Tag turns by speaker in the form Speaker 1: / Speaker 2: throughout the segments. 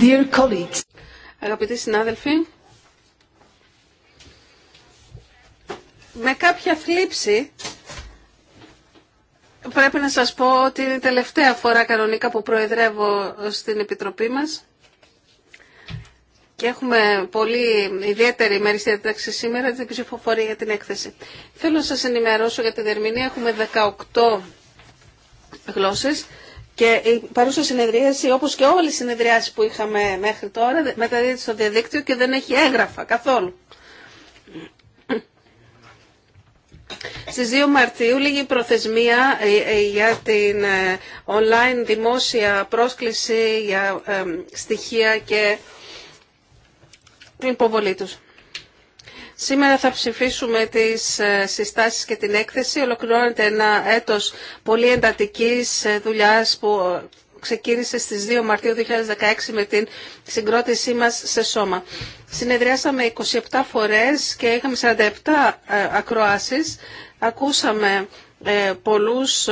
Speaker 1: Dear colleagues. Αγαπητοί συνάδελφοι, με κάποια θλίψη πρέπει να σας πω ότι είναι η τελευταία φορά κανονικά που προεδρεύω στην Επιτροπή μας και έχουμε πολύ ιδιαίτερη μέρη στη διάταξη σήμερα την ψηφοφορία για την έκθεση. Θέλω να σας ενημερώσω για την δερμηνία. Έχουμε 18 γλώσσες. Και η παρούσα συνεδρίαση, όπως και όλες οι συνεδριάσεις που είχαμε μέχρι τώρα, μεταδίδεται στο διαδίκτυο και δεν έχει έγγραφα καθόλου. Στις 2 Μαρτίου λίγη προθεσμία ε, ε, για την ε, online δημόσια πρόσκληση για στοιχεία και την υποβολή τους. Σήμερα θα ψηφίσουμε τις ε, συστάσεις και την έκθεση. Ολοκληρώνεται ένα έτος πολύ εντατικής ε, δουλειάς που ε, ξεκίνησε στις 2 Μαρτίου 2016 με την συγκρότησή μας σε σώμα. Συνεδριάσαμε 27 φορές και είχαμε 47 ακροάσεις. Ακούσαμε πολλούς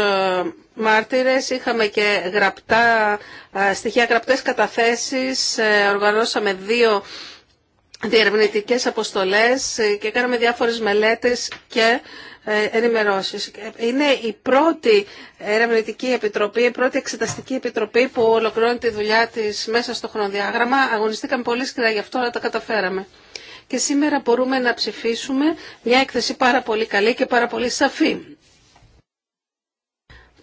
Speaker 1: μάρτυρες, είχαμε και γραπτά, στοιχεία γραπτές καταθέσεις, οργανώσαμε δύο διερευνητικές αποστολές και κάναμε διάφορες μελέτες και ε, ενημερώσεις. Είναι η πρώτη ερευνητική επιτροπή, η πρώτη εξεταστική επιτροπή που ολοκληρώνει τη δουλειά της μέσα στο χρονοδιάγραμμα. Αγωνιστήκαμε πολύ σκληρά γι' αυτό, αλλά τα καταφέραμε. Και σήμερα μπορούμε να ψηφίσουμε μια έκθεση πάρα πολύ καλή και πάρα πολύ σαφή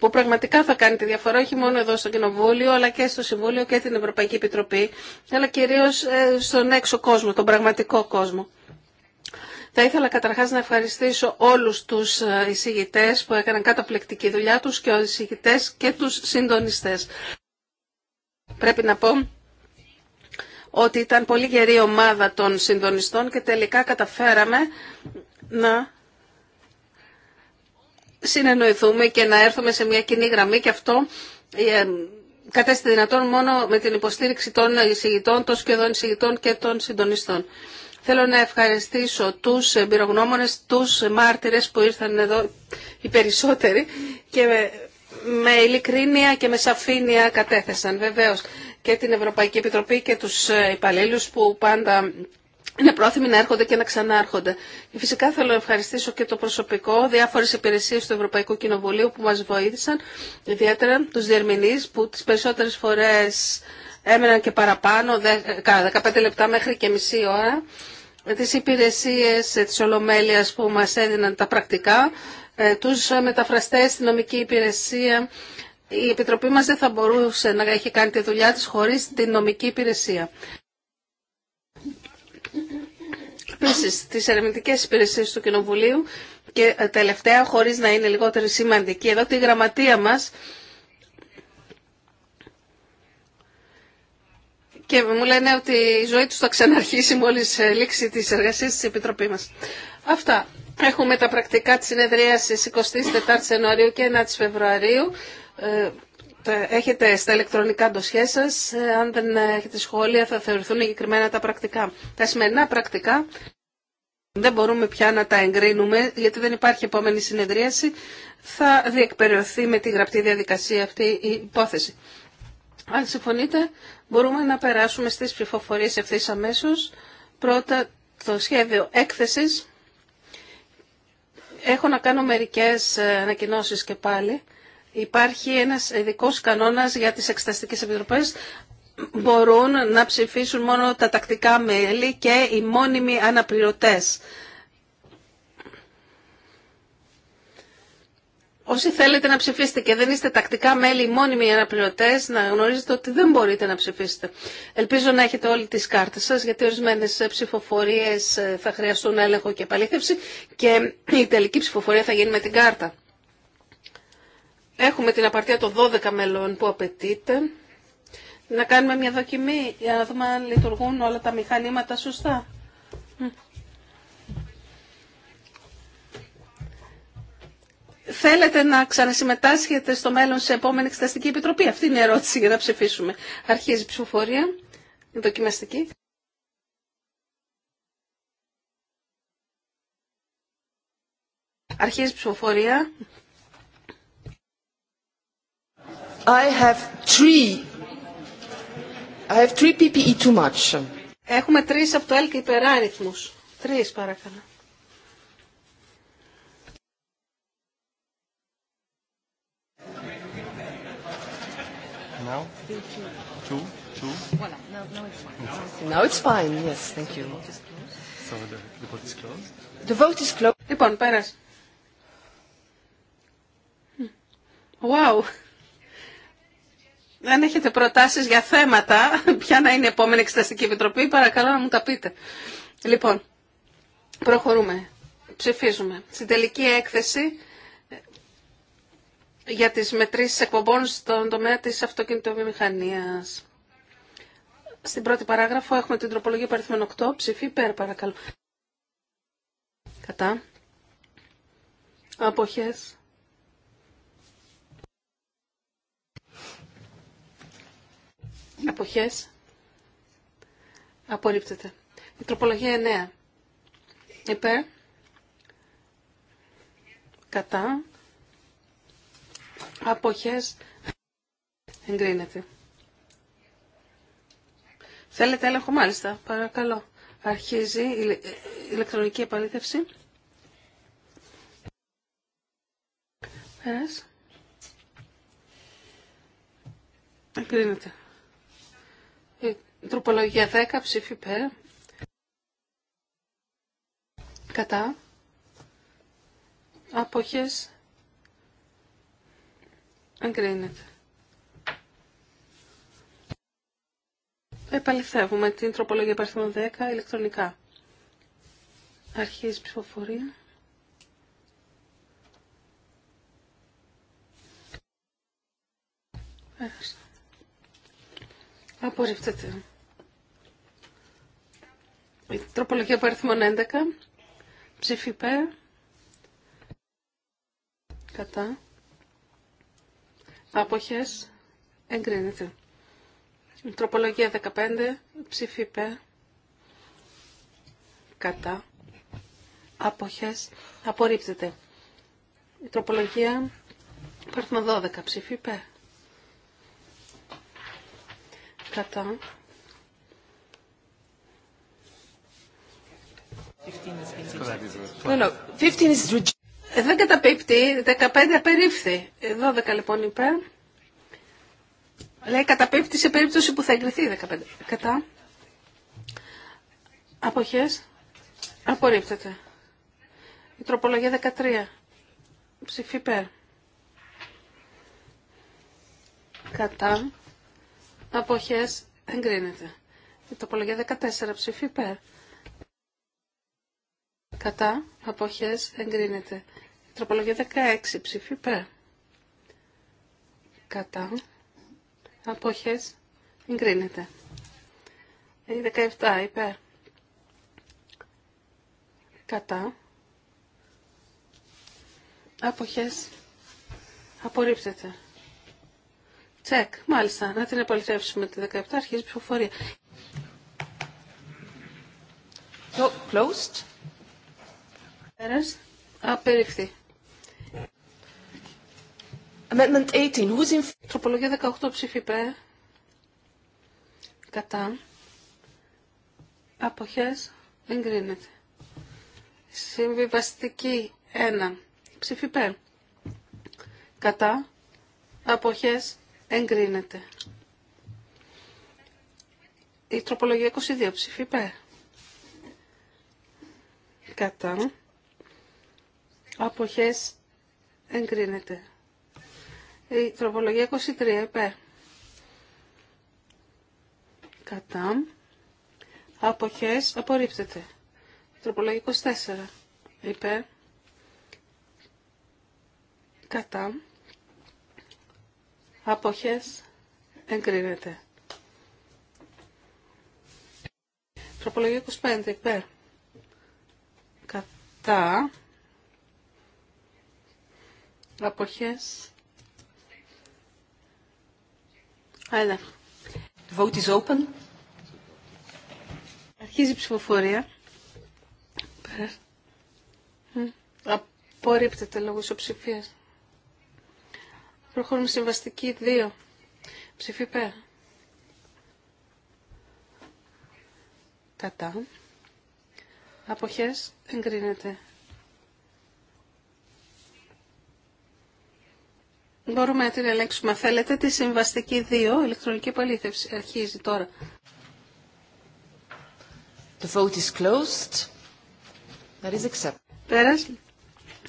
Speaker 1: που πραγματικά θα κάνει τη διαφορά όχι μόνο εδώ στο Κοινοβούλιο αλλά και στο Συμβούλιο και την Ευρωπαϊκή Επιτροπή αλλά κυρίως ε, στον έξω κόσμο, τον πραγματικό κόσμο. Θα ήθελα καταρχάς να ευχαριστήσω όλους τους ε, εισηγητές που έκαναν καταπληκτική δουλειά τους και τους εισηγητές και τους συντονιστές. Πρέπει να πω ότι ήταν πολύ γερή ομάδα των συντονιστών και τελικά καταφέραμε να συνεννοηθούμε και να έρθουμε σε μια κοινή γραμμή και αυτό ε, κατέστη δυνατόν μόνο με την υποστήριξη των εισηγητών, των σχεδόν εισηγητών και των συντονιστών. Θέλω να ευχαριστήσω τους εμπειρογνώμονες, τους μάρτυρες που ήρθαν εδώ οι περισσότεροι και με ειλικρίνεια και με σαφήνεια κατέθεσαν βεβαίως και την Ευρωπαϊκή Επιτροπή και τους ε, υπαλλήλους που πάντα είναι πρόθυμοι να έρχονται και να ξανάρχονται. Φυσικά θέλω να ευχαριστήσω και το προσωπικό, διάφορε υπηρεσίε του Ευρωπαϊκού Κοινοβουλίου που μα βοήθησαν, ιδιαίτερα του διερμηνεί που τι περισσότερε φορέ έμεναν και παραπάνω, 15 λεπτά μέχρι και μισή ώρα, τι υπηρεσίε ε, τη Ολομέλεια που μα έδιναν τα πρακτικά, ε, του μεταφραστέ, τη νομική υπηρεσία. Η Επιτροπή μας δεν θα μπορούσε να έχει κάνει τη δουλειά της χωρίς την νομική υπηρεσία επίσης τις ερευνητικές υπηρεσίες του Κοινοβουλίου και ε, τελευταία, χωρίς να είναι λιγότερη σημαντική, εδώ τη γραμματεία μας και μου λένε ότι η ζωή τους θα ξαναρχίσει μόλις λήξει τις εργασίες της Επιτροπής μας. Αυτά. Έχουμε τα πρακτικά της συνεδρίασης 24 Ιανουαρίου και 1 Φεβρουαρίου. Ε, έχετε στα ηλεκτρονικά ντοσιέ σα. Ε, αν δεν έχετε σχόλια θα θεωρηθούν εγκεκριμένα τα πρακτικά. Τα σημερινά πρακτικά δεν μπορούμε πια να τα εγκρίνουμε γιατί δεν υπάρχει επόμενη συνεδρίαση. Θα διεκπεριωθεί με τη γραπτή διαδικασία αυτή η υπόθεση. Αν συμφωνείτε μπορούμε να περάσουμε στις ψηφοφορίε ευθύ αμέσω. Πρώτα το σχέδιο έκθεση. Έχω να κάνω μερικές ε, ανακοινώσεις και πάλι υπάρχει ένας ειδικό κανόνας για τις εξεταστικές επιτροπές μπορούν να ψηφίσουν μόνο τα τακτικά μέλη και οι μόνιμοι αναπληρωτές. Όσοι θέλετε να ψηφίσετε και δεν είστε τακτικά μέλη, μόνιμοι αναπληρωτέ, να γνωρίζετε ότι δεν μπορείτε να ψηφίσετε. Ελπίζω να έχετε όλοι τι κάρτε σα, γιατί ορισμένε ψηφοφορίε ε, θα χρειαστούν έλεγχο και επαλήθευση και η τελική ψηφοφορία θα γίνει με την κάρτα. Έχουμε την απαρτία των 12 μελών που απαιτείται. Να κάνουμε μια δοκιμή για να δούμε αν λειτουργούν όλα τα μηχανήματα σωστά. Θέλετε να ξανασυμμετάσχετε στο μέλλον σε επόμενη εξεταστική επιτροπή. Αυτή είναι η ερώτηση για να ψηφίσουμε. Αρχίζει η ψηφοφορία. Η δοκιμαστική. Αρχίζει η ψηφοφορία. I have three.
Speaker 2: I have three PPE too much.
Speaker 1: Έχουμε τρεις από το ΕΛΚ υπεράριθμους. Τρεις παρακαλώ. Now? Two? Two? Voilà. Now, now it's fine. Now it's
Speaker 3: fine, yes, thank you.
Speaker 1: So the, the vote is closed? The vote is closed. Λοιπόν, πέρασε. Wow. Αν έχετε προτάσεις για θέματα, ποια να είναι η επόμενη εξεταστική επιτροπή, παρακαλώ να μου τα πείτε. Λοιπόν, προχωρούμε. Ψηφίζουμε. Στην τελική έκθεση για τις μετρήσεις εκπομπών στον τομέα της αυτοκινητοβιομηχανίας. Στην πρώτη παράγραφο έχουμε την τροπολογία παριθμών 8. Ψηφί πέρα παρακαλώ. Κατά. Αποχές. Αποχές. Απορρίπτεται. Η 9. Υπέρ. Κατά. Αποχές. Εγκρίνεται. Θέλετε έλεγχο μάλιστα. Παρακαλώ. Αρχίζει η ηλεκτρονική επαλήθευση. Πέρας. Εγκρίνεται. Ε, τροπολογία 10 ψήφι πέρα Κατά. Αποχές. Εγκρίνεται. Επαληθεύουμε την τροπολογία παρθμών 10 ηλεκτρονικά. Αρχίζει ψηφοφορία. Απορρίπτεται. Η τροπολογία από αριθμόν 11. Ψήφι υπέρ. Κατά. Αποχές. Εγκρίνεται. Η τροπολογία 15. Ψήφι υπέρ. Κατά. Αποχές. Απορρίπτεται. Η τροπολογία Υπάρχουν 12 ψηφί υπέρ κατά. 15 is... Ε, δεν καταπίπτει, 15 απερίφθη. 12 λοιπόν υπέρ. Λέει καταπίπτει σε περίπτωση που θα εγκριθεί 15. Κατά. Αποχές. Απορρίπτεται. Η τροπολογία 13. Ψηφί υπέρ. Κατά αποχές εγκρίνεται. Η τοπολογία 14 ψήφι υπέρ. Κατά αποχές εγκρίνεται. Η τροπολογία 16 ψήφι υπέρ. Κατά αποχές εγκρίνεται. Η 17 υπέρ. Κατά αποχές απορρίπτεται. Τσεκ, μάλιστα. Να την επαληθεύσουμε τη 17, αρχίζει η ψηφοφορία.
Speaker 3: So, closed.
Speaker 1: Απεριφθεί. Amendment 18. Who's in... Τροπολογία 18 ψήφι υπέρ. Κατά. Αποχές. Εγκρίνεται. Συμβιβαστική 1. Ψήφι Κατά. Αποχές. Εγκρίνεται. Η τροπολογία 22 ψήφι υπέρ. Κατά. Αποχές εγκρίνεται. Η τροπολογία 23 υπέρ. Κατά. Αποχές απορρίπτεται. Τροπολογία 24 υπέρ. Κατά αποχές εγκρίνεται. Τροπολογία 25 υπέρ κατά αποχές Έλα. The vote is open. Αρχίζει η ψηφοφορία. Απορρίπτεται λόγω ισοψηφίας. Προχωρούμε συμβαστική 2. Ψηφί πέρα. Κατά. Αποχές εγκρίνεται. Μπορούμε να την ελέγξουμε. Θέλετε τη συμβαστική 2, ηλεκτρονική επαλήθευση. Αρχίζει τώρα.
Speaker 3: The vote is closed.
Speaker 1: That is accepted. Πέρας.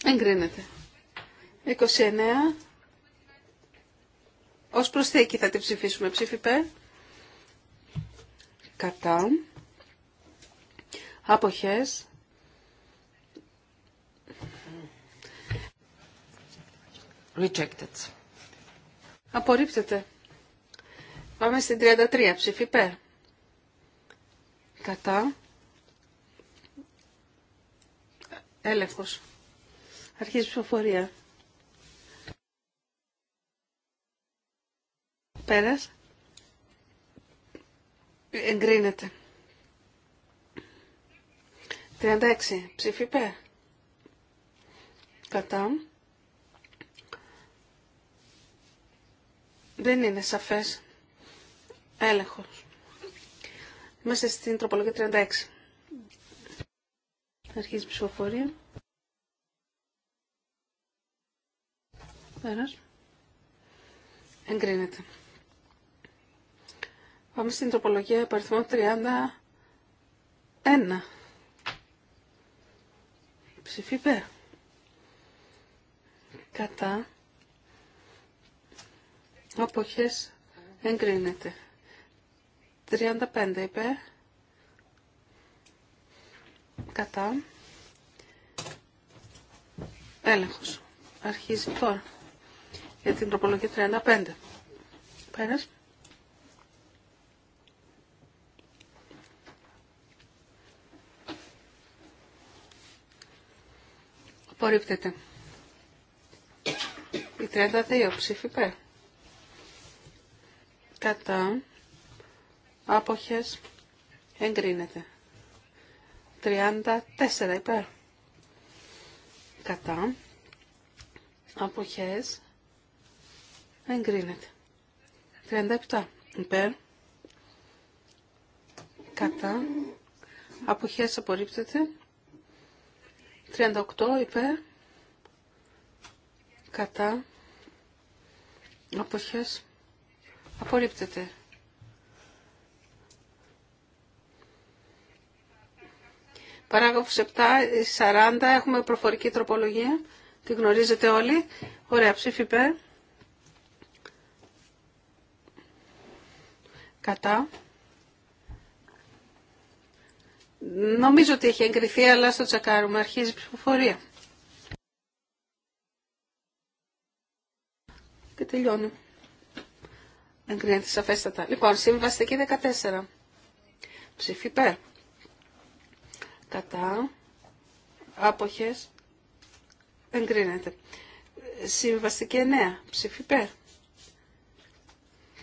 Speaker 1: Εγκρίνεται. 29 ως προσθήκη θα τη ψηφίσουμε. Ψήφι Κατά. Αποχές. Rejected. Απορρίπτεται. Πάμε στην 33. Ψήφι Κατά. Έλεγχος. Αρχίζει ψηφοφορία. Πέρας. Εγκρίνεται. 36. Ψήφι Κατά. Δεν είναι σαφές. Έλεγχος. Μέσα στην τροπολογία
Speaker 3: 36.
Speaker 1: Αρχίζει η ψηφοφορία. Πέρας. Εγκρίνεται. Πάμε στην τροπολογία αριθμό, 31. Ψηφί Κατά. Αποχές εγκρίνεται. 35 υπέρ. Κατά. Έλεγχος. Αρχίζει τώρα. Για την τροπολογία 35. Πέρασμα. Απορρίπτεται. Η 32 ψήφι Κατά. Άποχες. Εγκρίνεται. 34 υπέρ. Κατά. Αποχές. Εγκρίνεται. 37 υπέρ. Κατά. Αποχές απορρίπτεται. 38 ειπε Κατά. Αποχές. Απορρίπτεται. Παράγραφος 7, 40, έχουμε προφορική τροπολογία. Τη γνωρίζετε όλοι. Ωραία, ψήφι υπέρ. Κατά. Νομίζω ότι έχει εγκριθεί, αλλά στο τσακάρουμε αρχίζει η ψηφοφορία. Και τελειώνει. Εγκρίνεται σαφέστατα. Λοιπόν, συμβαστική 14. Ψήφι Κατά. Άποχες. Εγκρίνεται. Συμβαστική 9. Ψήφι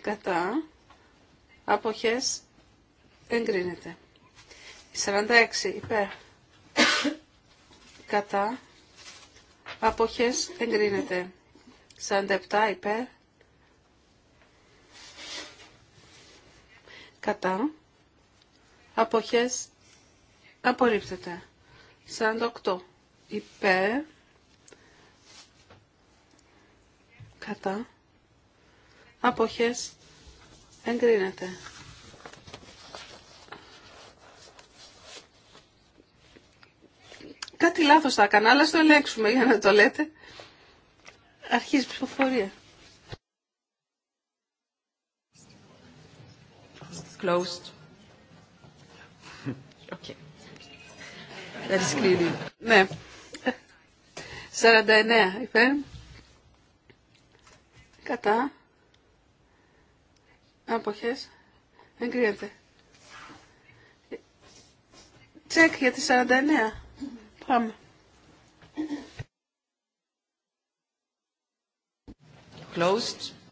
Speaker 1: Κατά. Άποχες. Εγκρίνεται. 46 υπέρ κατά αποχές εγκρίνεται 47 υπέρ κατά αποχές απορρίπτεται 48 υπέρ κατά αποχές εγκρίνεται Κάτι λάθος θα έκανα, αλλά στο ελέγξουμε για να το λέτε. Αρχίζει ψηφοφορία. Closed. Okay. That is Ναι. 49 υπέρ. Κατά. Αποχές. Εγκρίνεται. Τσεκ για τη 49. Πάμε.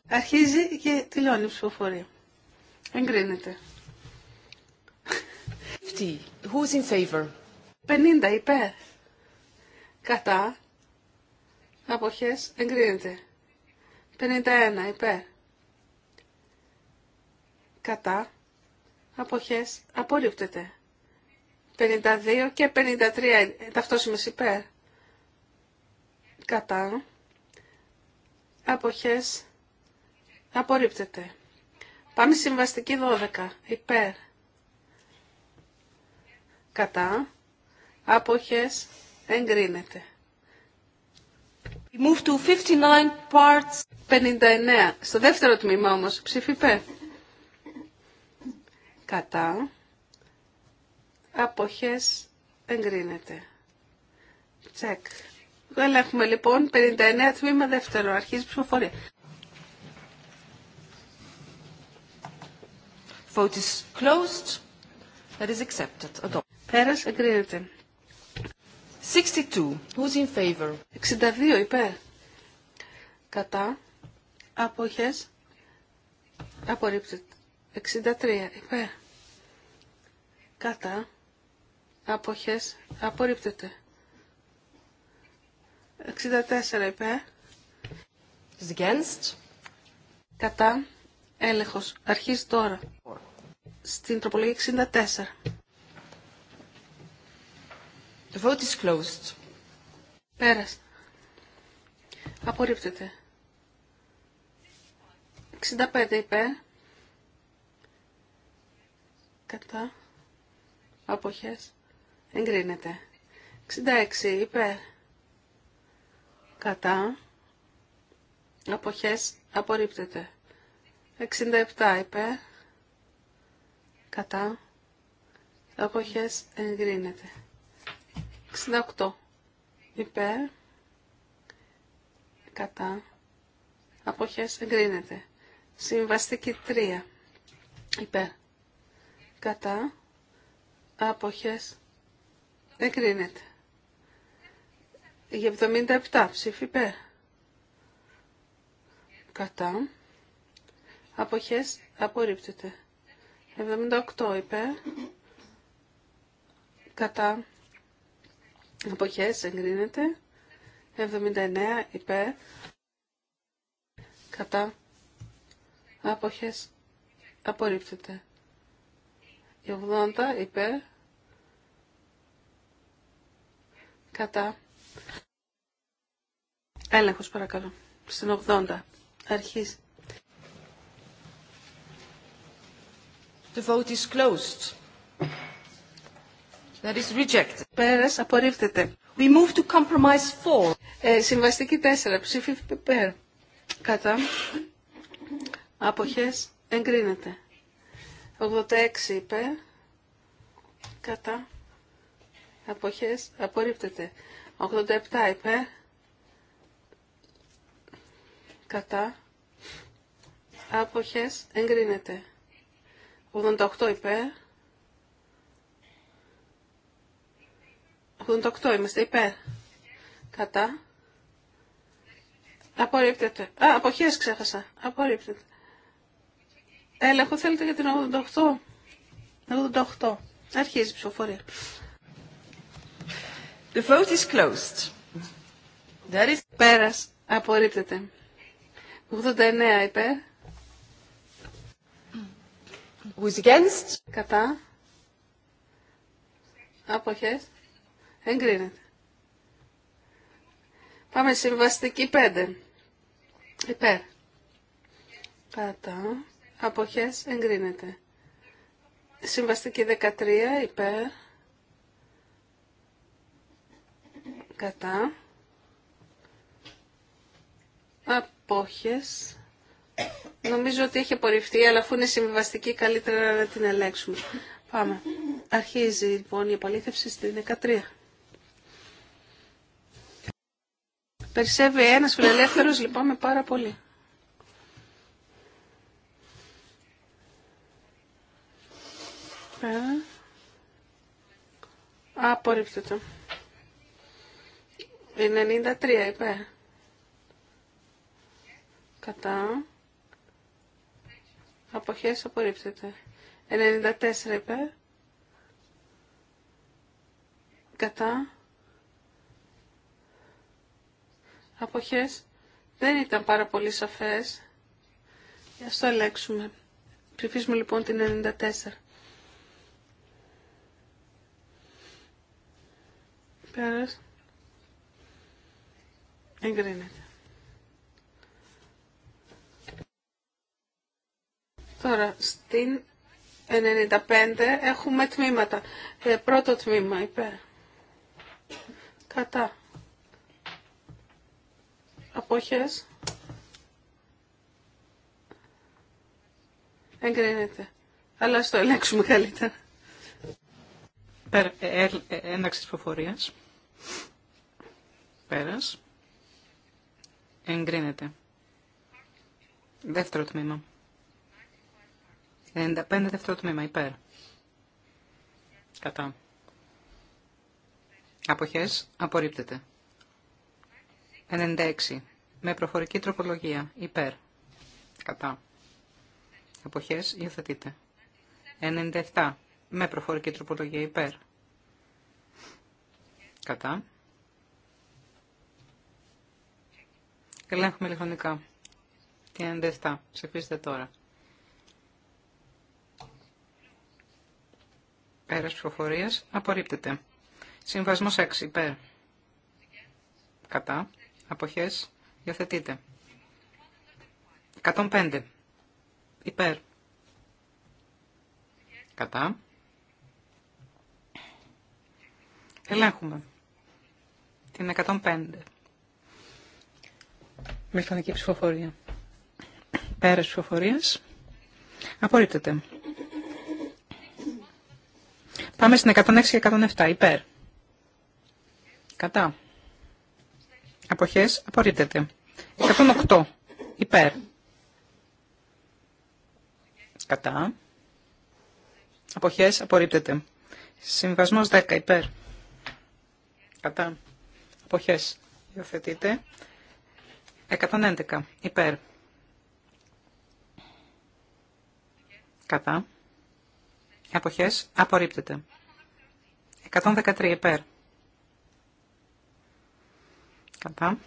Speaker 1: Αρχίζει και τελειώνει η ψηφοφορία. Εγκρίνεται. 50. Who's in favor? 50 υπέρ. Κατά. Αποχές. Εγκρίνεται. 51 υπέρ. Κατά. Αποχές. Απορρίπτεται. 52 και 53 ταυτόσιμες υπέρ. Κατά. Αποχές. Απορρίπτεται. Πάμε συμβαστική 12. Υπέρ. Κατά. Άποχες. Εγκρίνεται. We move to 59 parts. 59. Στο δεύτερο τμήμα όμως. Ψήφι Κατά αποχές εγκρίνεται. Τσεκ. έχουμε λοιπόν 59 τμήμα δεύτερο. Αρχίζει ψηφοφορία. Vote is closed. That is accepted. Πέρας εγκρίνεται. 62. Who's in favor? 62 υπέρ. Κατά. Αποχές. Απορρίπτεται. 63 υπέρ. Κατά αποχές απορρίπτεται. 64 υπέρ. Against. Κατά. Έλεγχος. Αρχίζει τώρα. Στην τροπολογία 64.
Speaker 2: The vote is closed.
Speaker 1: Πέρας. Απορρίπτεται. 65 υπέρ. Κατά. Αποχές. Εγκρίνεται. 66 υπέρ. Κατά. Αποχές απορρίπτεται. 67 υπέρ. Κατά. Αποχές εγκρίνεται. 68 υπέρ. Κατά. Αποχές εγκρίνεται. Συμβαστική 3 υπέρ. Κατά. Αποχές Εγκρίνεται. Για 77 ψήφι υπέρ. Κατά. Αποχές απορρίπτεται. 78 υπέρ. Κατά. Αποχές εγκρίνεται. 79 υπέρ. Κατά. Αποχές απορρίπτεται. 80 υπέρ Κατά. Έλεγχος παρακαλώ. Στην 80. Αρχής. The vote is closed. That is rejected. Πέρας απορρίφτεται. We move to compromise 4. Ε, συμβαστική 4. Ψήφι πέρα. Κατά. Αποχές εγκρίνεται. 86 υπέρ. Κατά αποχές απορρίπτεται. 87 υπέρ κατά αποχές εγκρίνεται. 88 υπέρ 88 είμαστε υπέρ κατά απορρίπτεται. Α, αποχές ξέχασα. Απορρίπτεται. Έλεγχο θέλετε για την 88. 88. Αρχίζει η ψηφοφορία. The vote is closed. is... Πέρας. Απορρίπτεται. 89 υπέρ. against? Κατά. Αποχές. Εγκρίνεται. Πάμε συμβαστική 5. Υπέρ. Κατά. Αποχές εγκρίνεται. Συμβαστική 13 υπέρ κατά απόχες νομίζω ότι έχει απορριφθεί αλλά αφού είναι συμβιβαστική καλύτερα να την ελέγξουμε πάμε αρχίζει λοιπόν η επαλήθευση στην 13 Περισσεύει ένας φιλελεύθερος, λυπάμαι πάρα πολύ. Απορρίπτεται. 93 είπε. Κατά. Αποχές απορρίψετε. 94 είπε. Κατά. Αποχές. Δεν ήταν πάρα πολύ σαφές. για το ελέγξουμε. Ψηφίσουμε λοιπόν την 94. Πέρασε. Εγκρίνεται. Τώρα, στην 95 έχουμε τμήματα. Ε, πρώτο τμήμα, υπέρ. Κατά. Απόχες. Εγκρίνεται. Αλλά στο
Speaker 2: ελέγξουμε καλύτερα. Πέρα, ε, ε, ε ένταξη της Πέρας. Εγκρίνεται. Δεύτερο τμήμα. 95 δεύτερο τμήμα. Υπέρ. Κατά. Αποχές. Απορρίπτεται. 96. Με προφορική τροπολογία. Υπέρ. Κατά. Αποχές. Υιοθετείται. 97. Με προφορική τροπολογία. Υπέρ. Κατά. Ελέγχουμε ηλεκτρονικά. Την 97. Ψηφίστε τώρα. Πέρας ψηφοφορίας. Απορρίπτεται. Συμβασμός 6. Υπέρ. Κατά. Αποχές. Διαθετείτε. 105. Υπέρ. Κατά. Ελέγχουμε. Την 105 με ψηφοφορία. ψηφοφορία. Πέρας ψηφοφορία. Απορρίπτεται. Πάμε στην 106 και 107. Υπέρ. Κατά. Αποχές. Απορρίπτεται. 108. Υπέρ. Κατά. Αποχές. Απορρίπτεται. Συμβασμός 10. Υπέρ. Κατά. Αποχές. Υιοθετείται. 111. Υπέρ. Κατά. εποχές Απορρίπτεται. 113. Υπέρ. Κατά.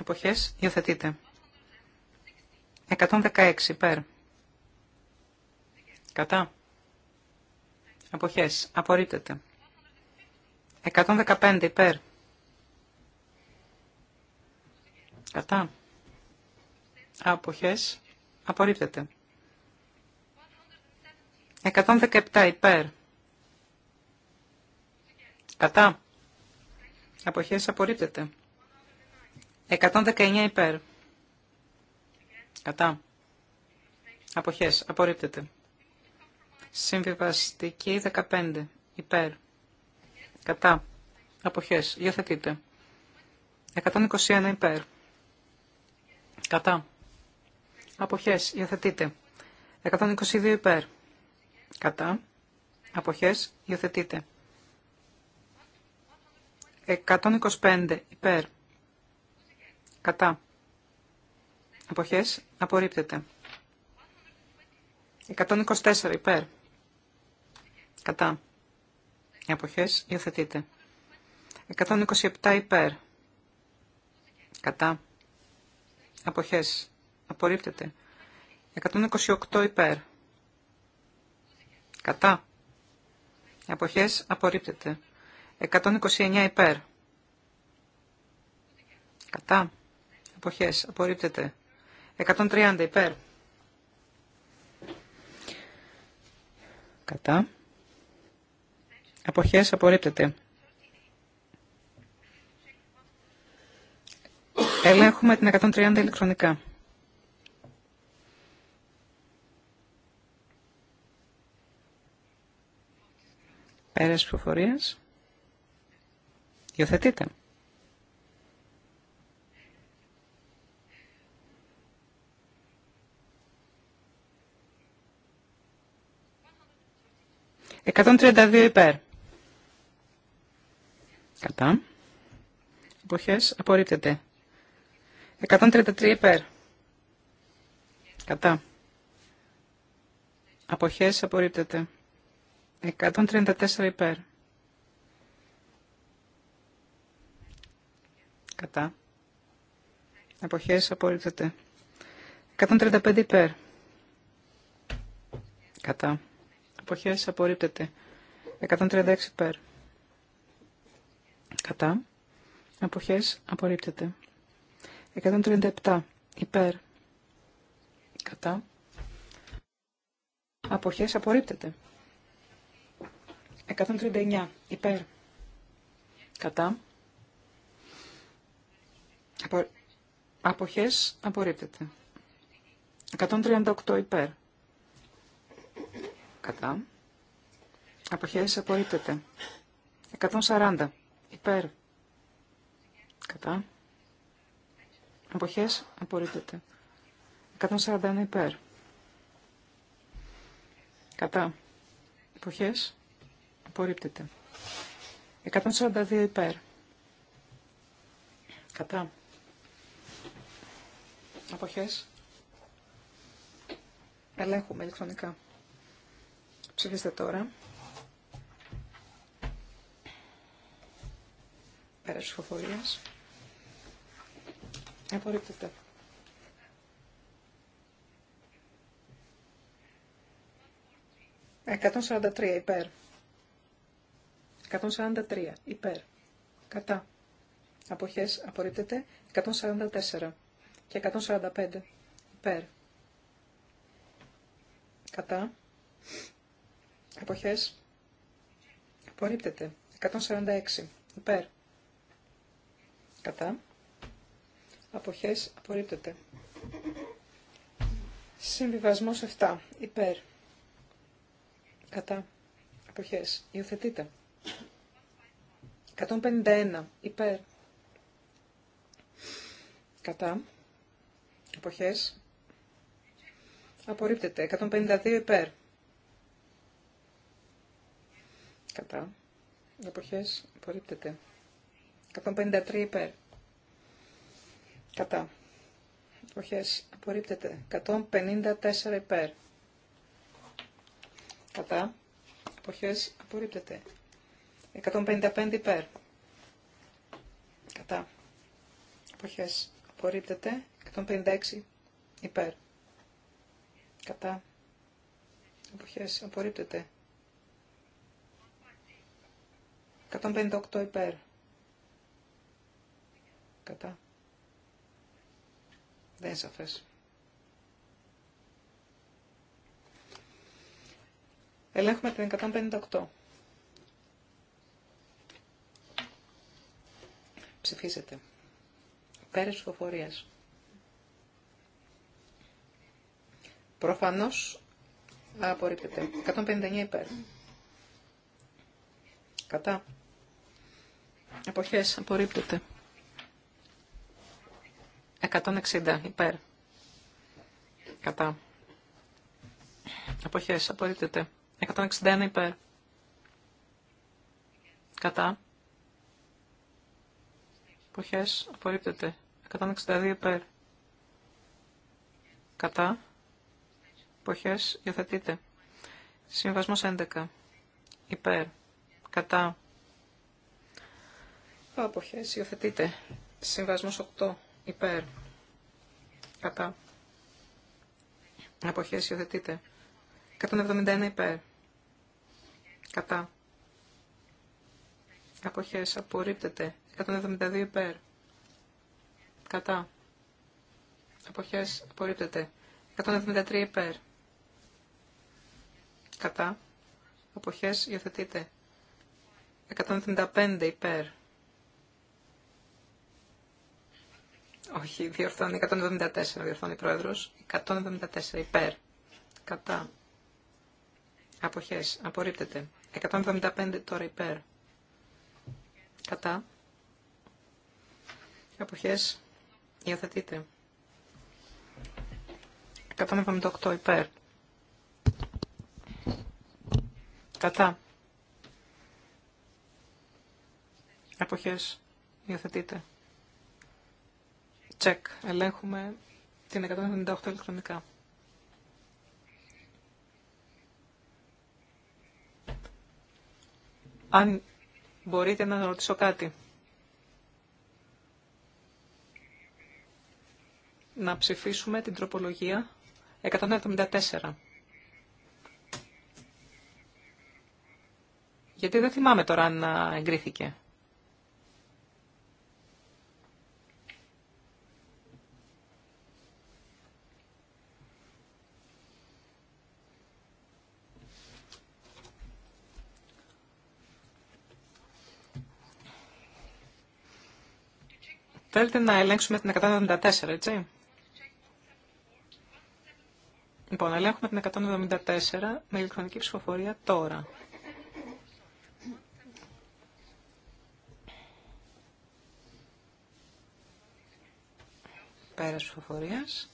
Speaker 2: εποχές Υιοθετείται. 116. Υπέρ. Κατά. εποχές Απορρίπτεται. 115. Υπέρ. Κατά. Αποχές. Απορρίπτεται. 117 υπέρ. Κατά. Αποχές απορρίπτεται. 119 υπέρ. Κατά. Αποχές απορρίπτεται. Συμβιβαστική 15 υπέρ. Κατά. Αποχές. Υιοθετείτε. 121 υπέρ. Κατά. Αποχές. Υιοθετείτε. 122 υπέρ. Κατά. Αποχές. Υιοθετείτε. 125 υπέρ. Κατά. Αποχές. Απορρίπτεται. 124 υπέρ. Κατά. Αποχές. Υιοθετείτε. 127 υπέρ. Κατά. Αποχές. Απορρίπτεται. 128 υπέρ. Κατά. Αποχές. Απορρίπτεται. 129 υπέρ. Κατά. Αποχές. Απορρίπτεται. 130 υπέρ. Κατά. Αποχές. Απορρίπτεται. Ελέγχουμε την 130 ηλεκτρονικά. Πέρας προφορίες. Υιοθετείτε. Εκατόν τριάντα δύο υπέρ. Κατά. Εποχές απορρίπτεται. 133 υπέρ. Κατά. Αποχές απορρίπτεται. 134 υπέρ. Κατά. Αποχές απορρίπτεται. 135 υπέρ. Κατά. Αποχές απορρίπτεται. 136 υπέρ. Κατά. Αποχές απορρίπτεται. 137 υπέρ κατά αποχές απορρίπτεται 139 υπέρ κατά απο... αποχές απορρίπτεται 138 υπέρ κατά αποχές απορρίπτεται 140 υπέρ κατά Εποχές. απορρίπτεται. 141 υπέρ. Κατά. Εποχές. απορρίπτεται. 142 υπέρ. Κατά. Αποχές. Ελέγχουμε ηλεκτρονικά. Ψηφίστε τώρα. Πέρα ψηφοφορίας. Απορρίπτεται. 143 υπέρ. 143 υπέρ. Κατά. Αποχές απορρίπτεται 144 και 145 υπέρ. Κατά. Αποχές απορρίπτεται 146 υπέρ. Κατά αποχές απορρίπτεται. Συμβιβασμός 7. Υπέρ. Κατά. Αποχές. Υιοθετείτε. 151. Υπέρ. Κατά. Αποχές. Απορρίπτεται. 152 υπέρ. Κατά. Αποχές. Απορρίπτεται. 153 υπέρ. Κατά. Εποχέ Απορρίπτεται. 154 υπέρ. Κατά. Εποχές Απορρίπτεται. 155 υπέρ. Κατά. Εποχές Απορρίπτεται. 156 υπέρ. Κατά. Εποχές Απορρίπτεται. 158 υπέρ. Κατά. Δεν είναι σαφές. Ελέγχουμε την 158. Ψηφίσετε. Πέρες ψηφοφορίας. Προφανώς απορρίπτεται. 159 υπέρ. Κατά. Εποχές απορρίπτεται. 160 υπέρ. Κατά. Αποχές. Απορρίπτεται. 161 υπέρ. Κατά. Αποχές. Απορρίπτεται. 162 υπέρ. Κατά. Αποχές. υιοθετείτε. Συμβασμός 11. Υπέρ. Κατά. Αποχές. υιοθετείτε. Συμβασμός 8 υπέρ, κατά, αποχές υιοθετείτε. 171 υπέρ, κατά, αποχές απορρίπτεται. 172 υπέρ, κατά, αποχές απορρίπτεται. 173 υπέρ, κατά, αποχές υιοθετείτε. 175 υπέρ, όχι, διορθώνει 174, διορθώνει πρόεδρος, 174 υπέρ, κατά, αποχές, απορρίπτεται, 175 τώρα υπέρ, κατά, αποχές, υιοθετείται, 178 υπέρ, κατά, αποχές, υιοθετείται. Τσεκ. Ελέγχουμε την 178 ηλεκτρονικά. Αν μπορείτε να ρωτήσω κάτι. Να ψηφίσουμε την τροπολογία 174. Γιατί δεν θυμάμαι τώρα αν εγκρίθηκε. Θέλετε να ελέγξουμε την 174, έτσι. Λοιπόν, ελέγχουμε την 174 με ηλεκτρονική ψηφοφορία τώρα. Πέρας ψηφοφορίας.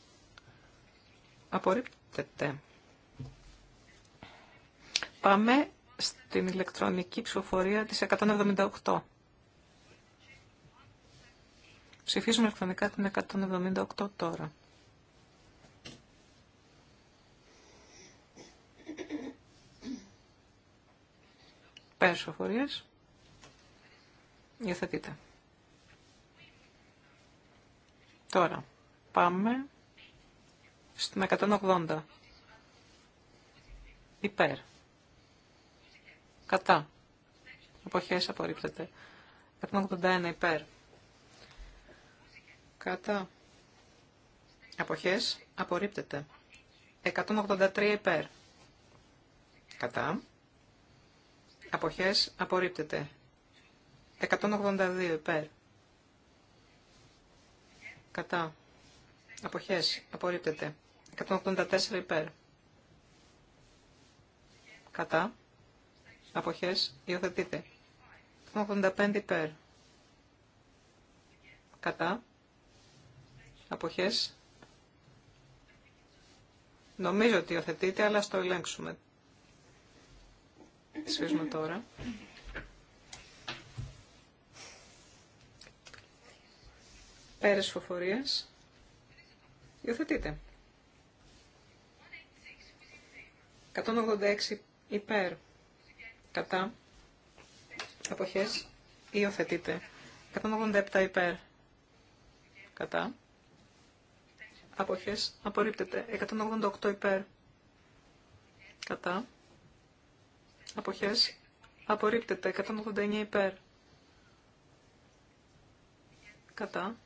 Speaker 2: Απορρίπτεται. Πάμε στην ηλεκτρονική ψηφοφορία της 178. Ψηφίζουμε ηλεκτρονικά την 178 τώρα. Πέρσι Υιοθετείτε. Τώρα πάμε στην 180. Υπέρ. Κατά. Εποχές απορρίπτεται. 181 υπέρ. Κατά. Αποχές. Απορρίπτεται. 183 υπέρ. Κατά. Αποχές. Απορρίπτεται. 182 υπέρ. Κατά. Αποχές. Απορρίπτεται. 184 υπέρ. Κατά. Αποχές. Υιοθετείται. 185 υπέρ. Κατά αποχές. Νομίζω ότι υιοθετείται, αλλά στο ελέγξουμε. Σφίσουμε τώρα. Πέρες φοφορίας. Υιοθετείται. 186 υπέρ. Κατά. Αποχές. Υιοθετείται. 187 υπέρ. Κατά αποχές απορρίπτεται. 188 υπέρ κατά αποχές απορρίπτεται. 189 υπέρ κατά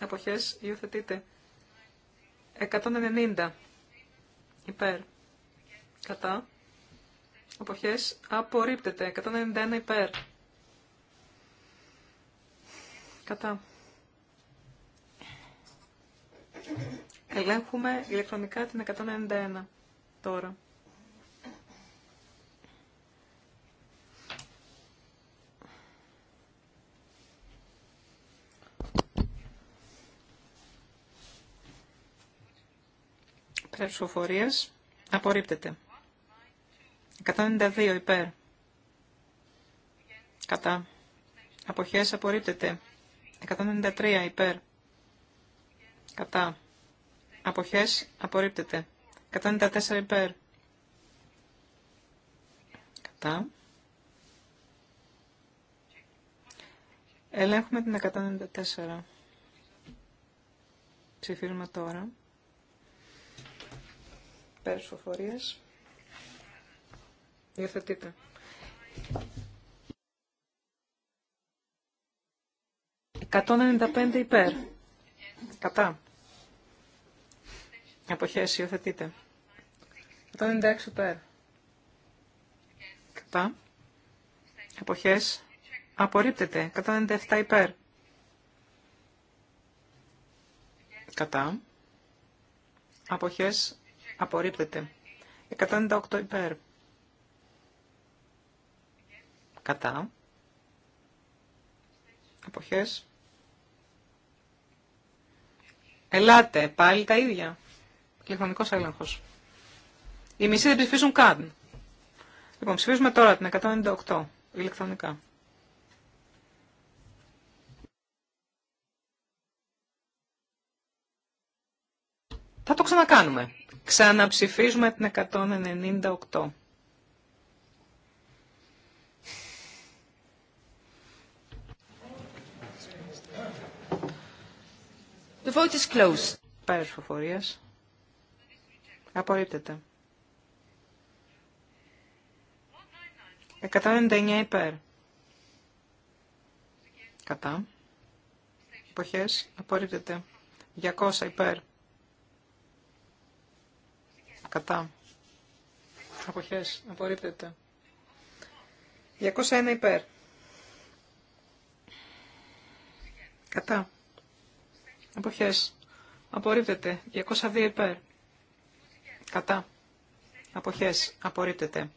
Speaker 2: αποχές υιοθετείται. 190 υπέρ κατά αποχές απορρίπτεται. 191 υπέρ κατά Ελέγχουμε ηλεκτρονικά την 191 τώρα. ψηφοφορίας απορρίπτεται. 192 υπέρ. Κατά. Αποχές απορρίπτεται. 193 υπέρ. Κατά. Αποχές. Απορρίπτεται. 194 υπέρ. Κατά. Ελέγχουμε την 194. Ψηφίζουμε τώρα. Πέρας οφορία. Κατόν 195 υπέρ. Κατά. Αποχές υιοθετείτε. 196 υπέρ. Κατά. Αποχές απορρίπτεται. 197 υπέρ. Κατά. Αποχές απορρίπτεται. 198 υπέρ. Κατά. Αποχές Ελάτε, πάλι τα ίδια. Ηλεκτρονικό έλεγχο. Οι μισοί δεν ψηφίζουν καν. Λοιπόν, ψηφίζουμε τώρα την 198 ηλεκτρονικά. Θα το ξανακάνουμε. Ξαναψηφίζουμε την 198.
Speaker 3: The vote is closed. Πέρας
Speaker 2: φοφορίας. Απορρίπτεται. 199 υπέρ. Κατά. Εποχές. Απορρίπτεται. 200 υπέρ. Κατά. Αποχές. Απορρίπτεται. 201 υπέρ. Κατά. Αποχές. Απορρίπτεται. 202 υπέρ. Κατά. Αποχές. Απορρίπτεται.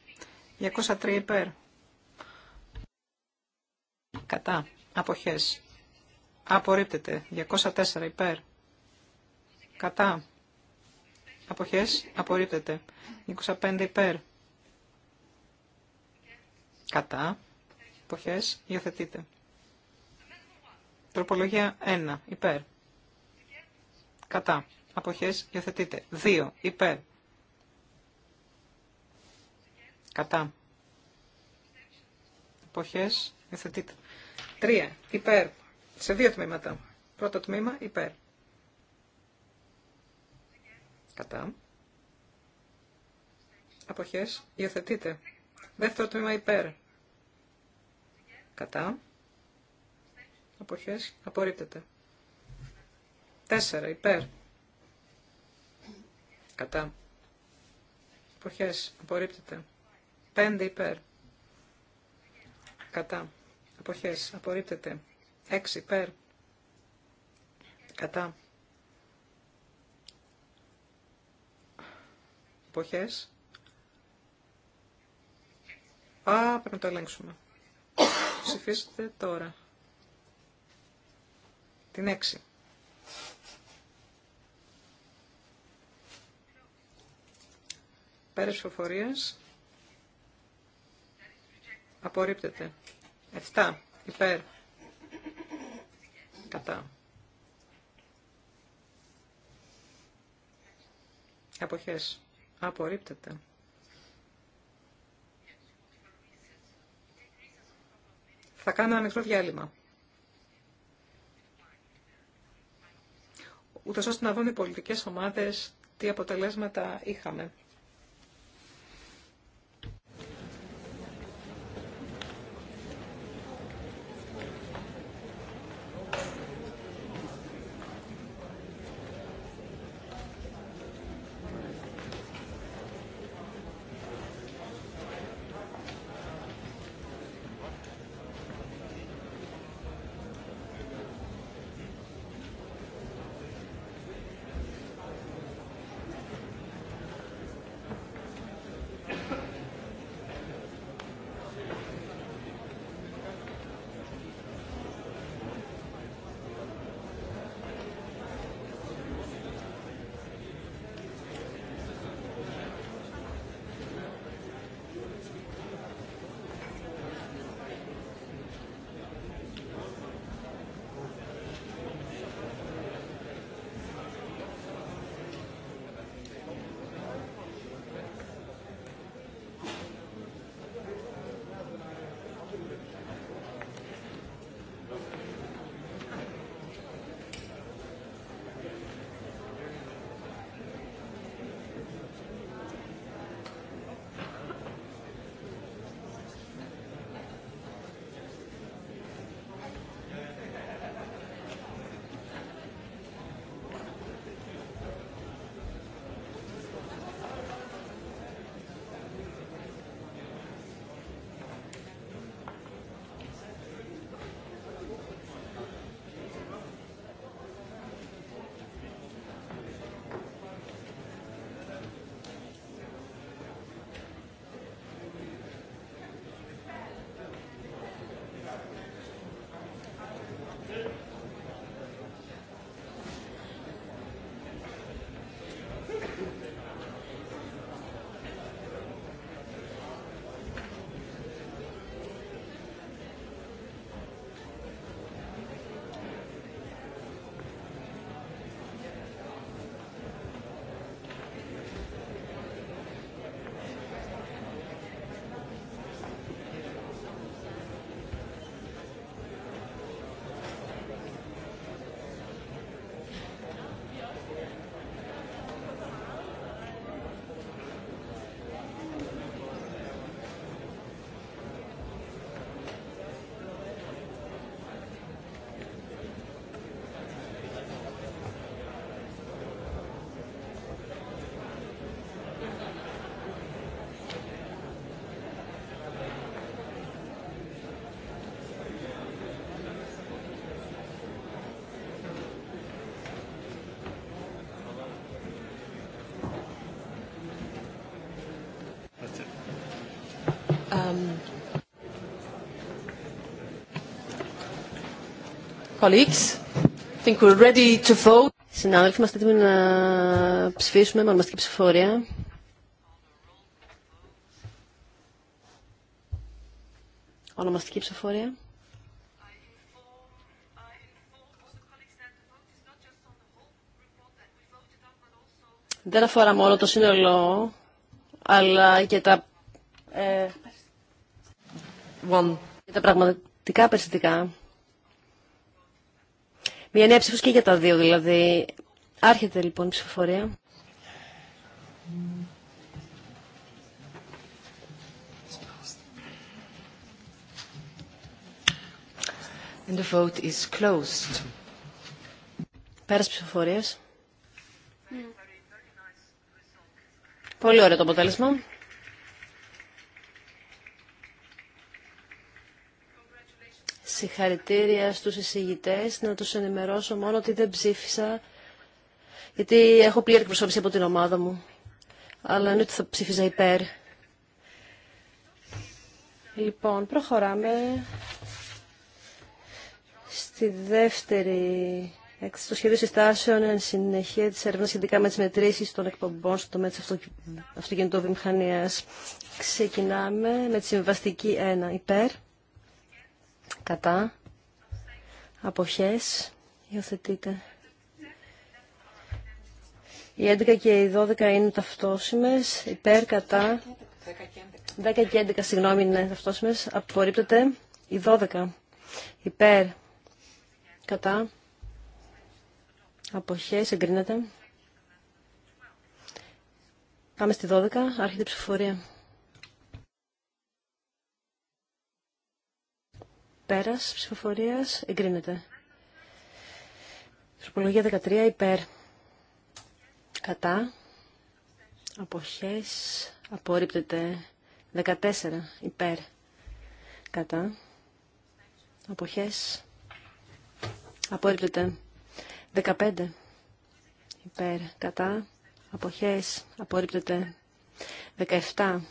Speaker 2: 203 υπέρ. Κατά. Αποχές. Απορρίπτεται. 204 υπέρ. Κατά. Αποχές. Απορρίπτεται. 25 υπέρ. Κατά. Αποχές. Υιοθετείτε. Τροπολογία 1. Υπέρ. Κατά. Αποχές υιοθετείτε. 2. Υπέρ. Κατά. Αποχές υιοθετείτε. 3. Υπέρ. Σε δύο τμήματα. Πρώτο τμήμα υπέρ. Κατά. Αποχές υιοθετείτε. Δεύτερο τμήμα υπέρ. Κατά. Αποχές απορρίπτεται. 4 υπέρ. Κατά. Αποχές. Απορρίπτεται. 5 υπέρ. Κατά. Αποχές. Απορρίπτεται. 6 υπέρ. Κατά. Αποχές. Α, πρέπει να το ελέγξουμε. Ψηφίσετε τώρα. Την 6. Πέρες ψηφοφορίας. Απορρίπτεται. 7. Υπέρ. Κατά. Αποχές. Απορρίπτεται. Θα κάνω ένα μικρό διάλειμμα. Ούτως ώστε να δουν οι πολιτικές ομάδες τι αποτελέσματα είχαμε.
Speaker 3: Συνάδελφοι, είμαστε έτοιμοι να ψηφίσουμε με ονομαστική ψηφοφορία. Ονομαστική ψηφοφορία. Δεν αφορά μόνο το σύνολο, αλλά και τα, ε, Και τα πραγματικά περιστατικά. Μια νέα ψήφος και για τα δύο δηλαδή. Άρχεται λοιπόν η ψηφοφορία. And the vote is closed. Πέρας ψηφοφορίας. Πολύ ωραίο το αποτέλεσμα. συγχαρητήρια στους εισηγητές, να τους ενημερώσω μόνο ότι δεν ψήφισα, γιατί έχω πλήρη εκπροσώπηση από την ομάδα μου. Αλλά είναι ότι θα ψήφιζα υπέρ. Λοιπόν, προχωράμε στη δεύτερη έκθεση του σχεδίου συστάσεων εν συνεχεία της έρευνα σχετικά με τι μετρήσει των εκπομπών στο τομέα της αυτοκινητοβιομηχανία. Ξεκινάμε με τη συμβαστική 1 υπέρ κατά, αποχές, υιοθετείτε. Οι 11 και οι 12 είναι ταυτόσιμες, υπέρ, κατά, 10 και 11, συγγνώμη, είναι ταυτόσιμες, απορρίπτεται, οι 12, υπέρ, κατά, αποχές, εγκρίνεται. Πάμε στη 12, άρχεται η ψηφορία. Πέρας ψηφοφορία εγκρίνεται. Τροπολογία 13 υπέρ. Κατά. Αποχές απορρίπτεται. 14 υπέρ. Κατά. Αποχές απορρίπτεται. 15 υπέρ. Κατά. Αποχές απορρίπτεται. 17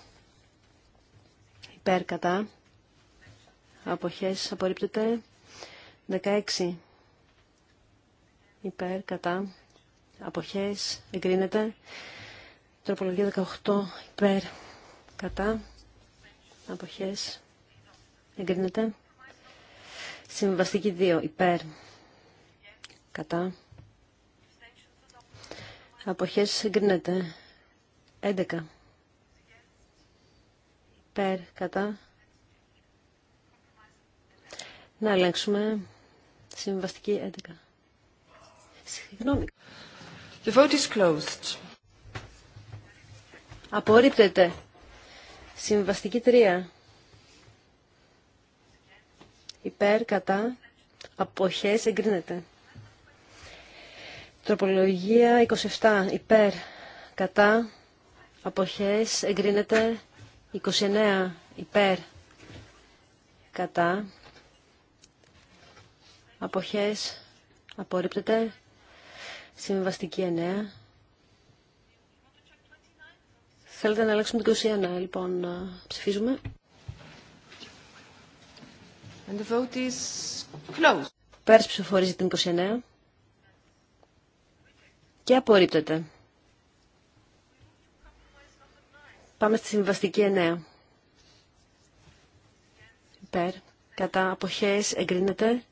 Speaker 3: υπέρ. Κατά αποχές απορρίπτεται 16 υπέρ κατά αποχές εγκρίνεται τροπολογία 18 υπέρ κατά αποχές εγκρίνεται συμβαστική 2 υπέρ κατά αποχές εγκρίνεται 11 υπέρ κατά να ελέγξουμε συμβαστική 11. Συγγνώμη. The vote is closed. Απορρίπτεται. Συμβαστική 3. Υπέρ, κατά, αποχές, εγκρίνεται. Τροπολογία 27. Υπέρ, κατά, αποχές, εγκρίνεται. 29. Υπέρ, κατά, αποχές απορρίπτεται συμβαστική ενέα. Θέλετε να αλλάξουμε την 21, λοιπόν, ψηφίζουμε. And the vote is closed. Πέρας ψηφοφορίζει την 29 και απορρίπτεται. Πάμε στη συμβαστική ενέα. Υπέρ. Κατά αποχές εγκρίνεται.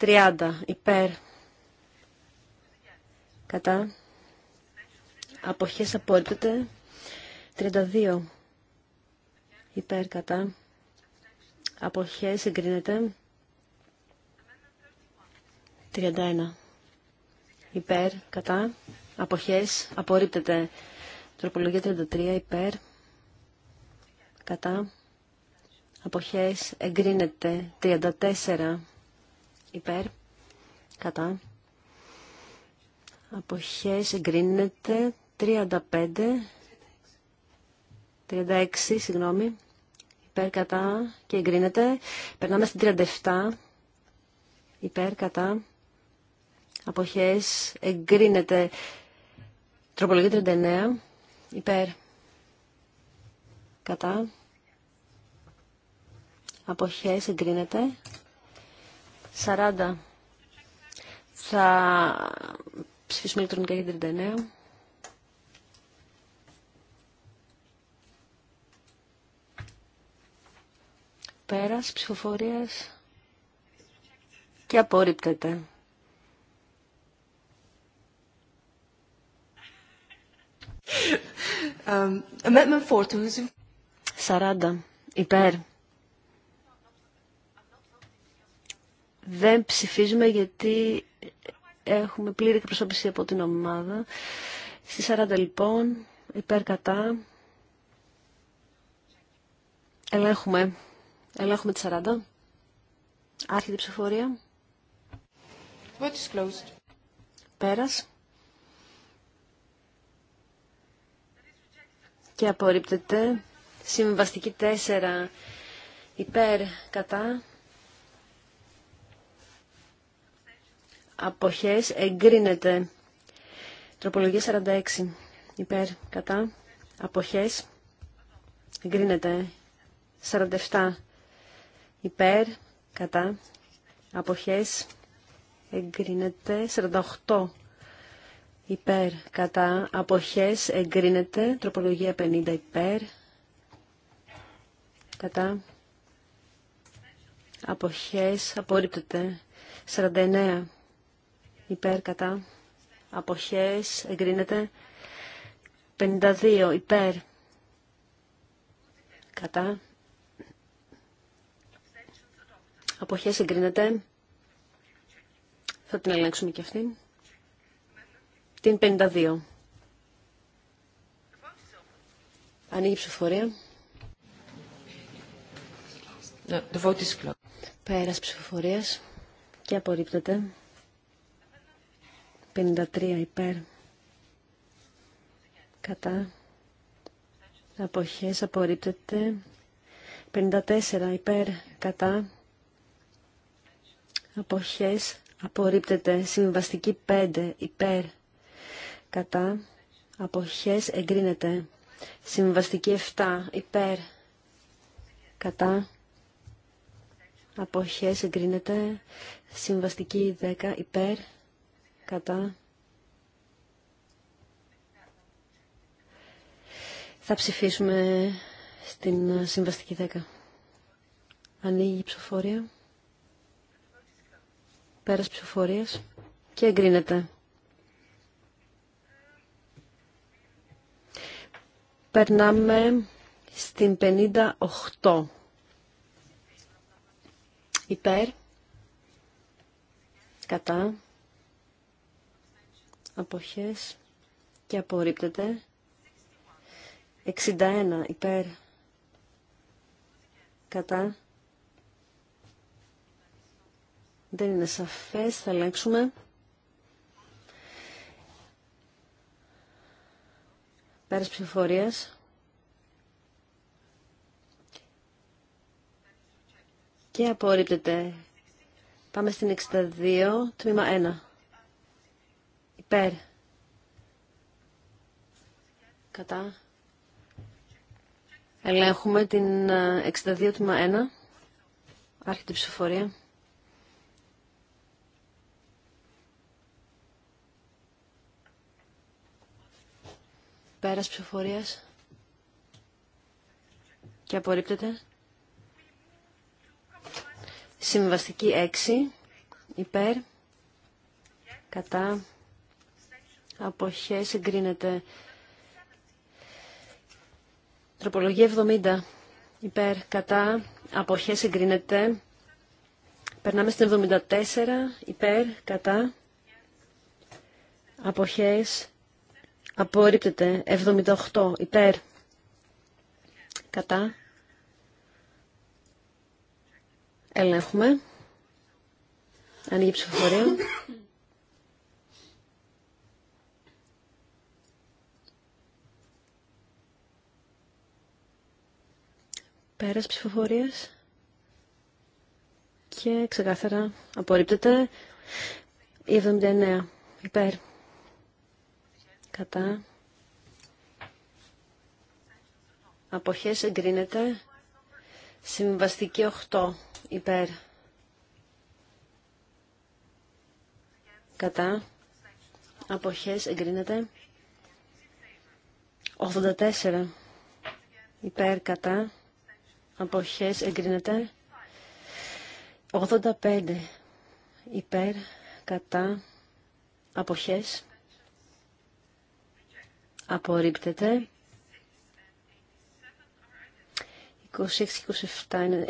Speaker 3: 30 υπέρ κατά αποχές απορρίπτεται 32 υπέρ κατά αποχές εγκρίνεται 31 υπέρ κατά αποχές απορρίπτεται τροπολογία 33 υπέρ κατά αποχές εγκρίνεται 34 υπέρ, κατά, αποχές εγκρίνεται 35, 36, συγγνώμη, υπέρ, κατά και εγκρίνεται. Περνάμε στην 37, υπέρ, κατά, αποχές εγκρίνεται τροπολογία 39, υπέρ, κατά, αποχές εγκρίνεται Σαράντα. Θα ψηφίσουμε ηλεκτρονικά για 39. Πέρας ψηφοφορίας και απορρίπτεται. Um, Σαράντα. Υπέρ. δεν ψηφίζουμε γιατί έχουμε πλήρη εκπροσώπηση από την ομάδα. Στις 40 λοιπόν, υπέρ κατά. Ελέγχουμε. Ελέγχουμε τη 40. Άρχεται η ψηφορία. Πέρας. Και απορρίπτεται. Συμβαστική 4 υπέρ κατά. αποχές εγκρίνεται. Τροπολογία 46. Υπέρ, κατά, αποχές εγκρίνεται. 47. Υπέρ, κατά, αποχές εγκρίνεται. 48. Υπέρ, κατά, αποχές εγκρίνεται. Τροπολογία 50. Υπέρ, κατά, αποχές απορρίπτεται. 49 υπέρ κατά αποχές εγκρίνεται 52 υπέρ κατά αποχές εγκρίνεται θα την ελέγξουμε και αυτήν την 52 ανοίγει η ψηφοφορία The vote Πέρας ψηφοφορίας και απορρίπτεται. 53 υπέρ. Κατά. Αποχές απορρίπτεται. 54 υπέρ. Κατά. Αποχές απορρίπτεται. Συμβαστική 5 υπέρ. Κατά. Αποχές εγκρίνεται. Συμβαστική 7 υπέρ. Κατά. Αποχές εγκρίνεται. Συμβαστική 10 υπέρ κατά. Θα ψηφίσουμε στην συμβαστική 10. Ανοίγει η ψηφοφορία. Πέρας ψηφοφορίας. Και εγκρίνεται. Περνάμε στην 58. Υπέρ. Κατά αποχές και απορρίπτεται 61 υπέρ κατά δεν είναι σαφές θα αλλάξουμε πέρας ψηφοφορίας και απορρίπτεται πάμε στην 62 τμήμα 1 υπέρ κατά ελέγχουμε την 62 ε, τμήμα 1 άρχεται η ψηφοφορία πέρας ψηφοφορίας και απορρίπτεται συμβαστική 6 υπέρ κατά αποχές συγκρίνεται. Τροπολογία 70 υπέρ κατά αποχές συγκρίνεται. Περνάμε στην 74 υπέρ κατά αποχές απορρίπτεται. 78 υπέρ κατά ελέγχουμε. Ανοίγει η ψηφοφορία. Πέρας ψηφοφορίας. Και ξεκάθαρα απορρίπτεται η 79 υπέρ. Κατά. Αποχές εγκρίνεται. Συμβαστική 8 υπέρ. Κατά. Αποχές εγκρίνεται. 84 υπέρ κατά αποχές εγκρίνεται 85 υπέρ κατά αποχές απορρίπτεται 26 27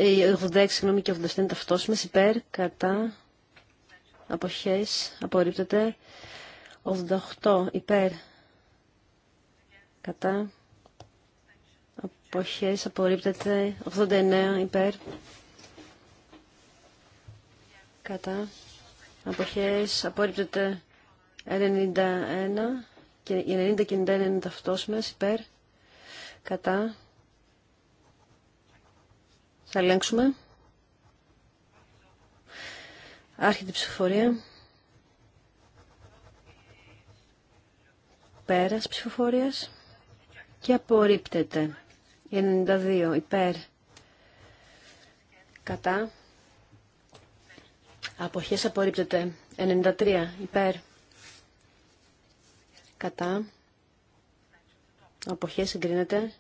Speaker 3: 86 συγγνώμη και 87 είναι ταυτόσιμες υπέρ κατά αποχές απορρίπτεται 88 υπέρ κατά αποχές απορρίπτεται 89 υπέρ κατά αποχές απορρίπτεται 91 και 90 και 91 είναι ταυτόσιμες υπέρ κατά θα ελέγξουμε άρχεται η ψηφοφορία πέρας ψηφοφορίας και απορρίπτεται 92 υπέρ κατά αποχές απορρίπτεται 93 υπέρ κατά αποχές εγκρίνεται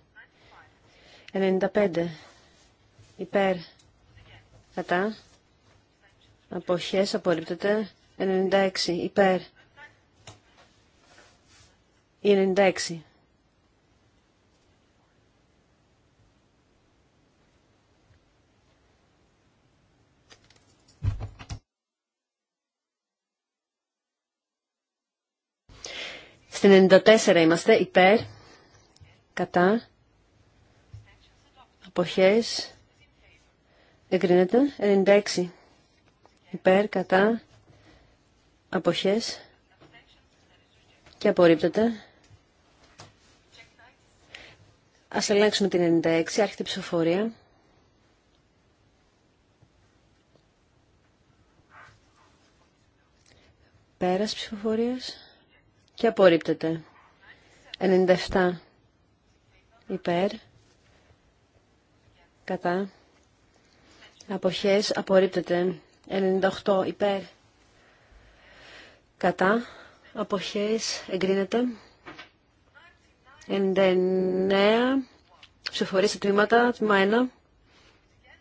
Speaker 3: 95 υπέρ κατά αποχές απορρίπτεται 96 υπέρ 96 94 είμαστε υπέρ, κατά, αποχές, εγκρίνεται. 96 υπέρ, κατά, αποχές και απορρίπτεται. Ας ελέγξουμε την 96, άρχεται η ψηφοφορία. Πέρας ψηφοφορίας και απορρίπτεται. 97 υπέρ, κατά, αποχές, απορρίπτεται. 98 υπέρ, κατά, αποχές, εγκρίνεται. 99 ψηφορεί σε τμήματα, τμήμα 1,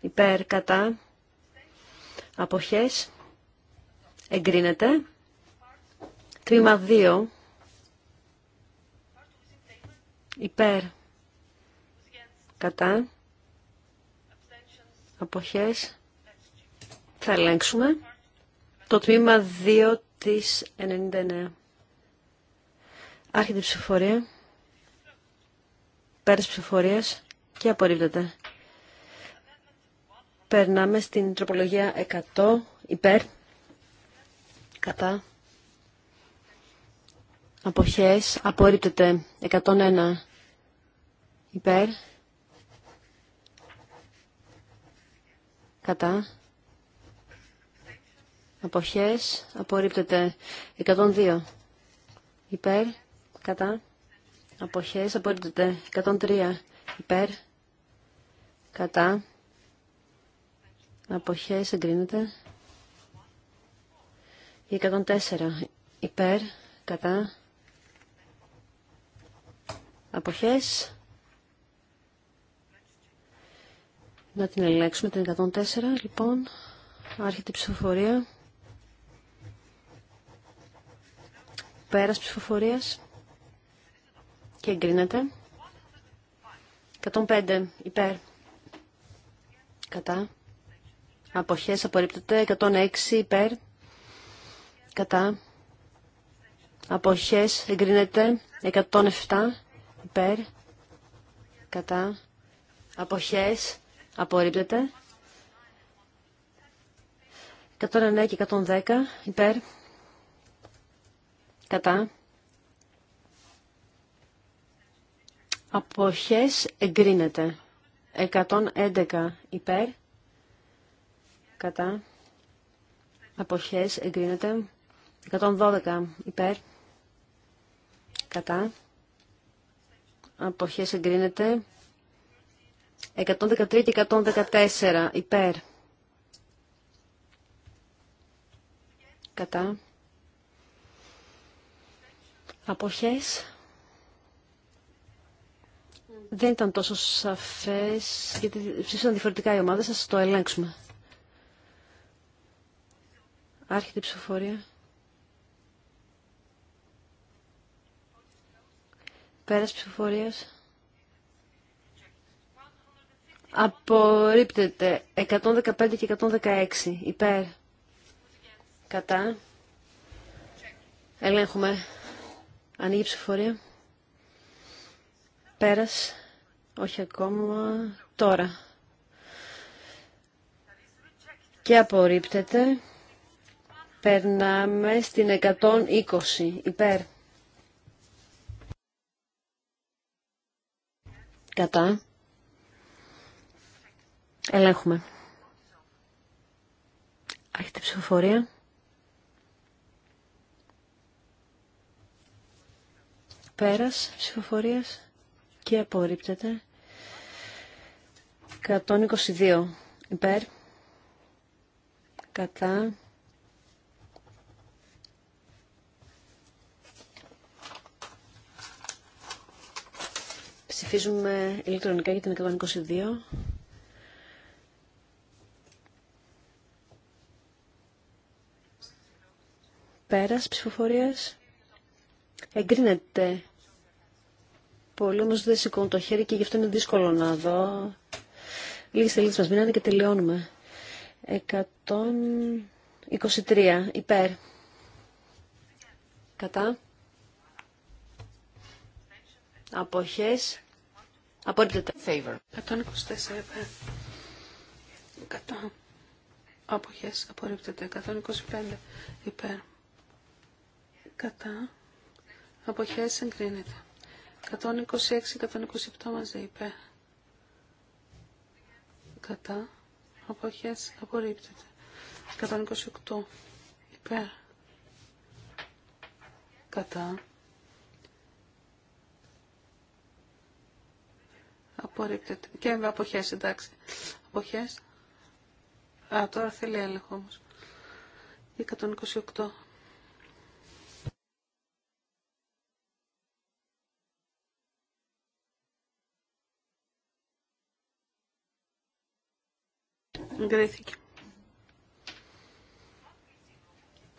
Speaker 3: υπέρ, κατά, αποχές, εγκρίνεται. Τμήμα 2, υπέρ, κατά, αποχές, θα ελέγξουμε το τμήμα 2 της 99. Άρχεται η ψηφοφορία, πέρας ψηφοφορίας και απορρίπτεται. Περνάμε στην τροπολογία 100, υπέρ, κατά, αποχές, απορρίπτεται 101 Υπέρ. Κατά. Αποχές. Απορρίπτεται. 102. Υπέρ. Κατά. Αποχές. Απορρίπτεται. 103. Υπέρ. Κατά. Αποχές. Εγκρίνεται. 104. Υπέρ. Κατά. Αποχές. Να την ελέγξουμε την 104, λοιπόν. Άρχεται η ψηφοφορία. Πέρας ψηφοφορίας. Και εγκρίνεται. 105 υπέρ. Κατά. Αποχές απορρίπτεται. 106 υπέρ. Κατά. Αποχές εγκρίνεται. 107 υπέρ. Κατά. Αποχές Απορρίπτεται. 109 και 110 υπέρ. Κατά. Αποχές εγκρίνεται. 111 υπέρ. Κατά. Αποχές εγκρίνεται. 112 υπέρ. Κατά. Αποχές εγκρίνεται. 113 και 114 υπέρ. Κατά. Αποχές. Δεν ήταν τόσο σαφές, γιατί ψήφισαν διαφορετικά οι ομάδες, σας το ελέγξουμε. Άρχεται η ψηφοφορία. Πέρας ψηφοφορίας. Απορρίπτεται 115 και 116 υπέρ. Κατά. Ελέγχουμε. Ανοίγει η ψηφορία. Πέρας. Όχι ακόμα. Τώρα. Και απορρίπτεται. Περνάμε στην 120 υπέρ. Κατά. Ελέγχουμε. Άρχεται η ψηφοφορία. Πέρας ψηφοφορίας και απορρίπτεται. 122 υπέρ. Κατά. Ψηφίζουμε ηλεκτρονικά για την 122. Πέρας ψηφοφορίας. Εγκρίνεται. Πολλοί όμως δεν σηκώνουν το χέρι και γι' αυτό είναι δύσκολο να δω. Λίγες σελίδες μας μείνανε και τελειώνουμε. 123. Υπέρ. Κατά. Αποχές. Απορρίπτεται. 124. Υπέρ. Κατά. Αποχές.
Speaker 1: Απορρίπτεται. 125. Υπέρ κατά, αποχές εγκρίνεται. 126-127 μαζί υπέρ, κατά, αποχές απορρίπτεται. 128 υπέρ, κατά, απορρίπτεται. Και με αποχές, εντάξει. Αποχές. Α, τώρα θέλει έλεγχο όμως. 128 Εγκρίθηκε.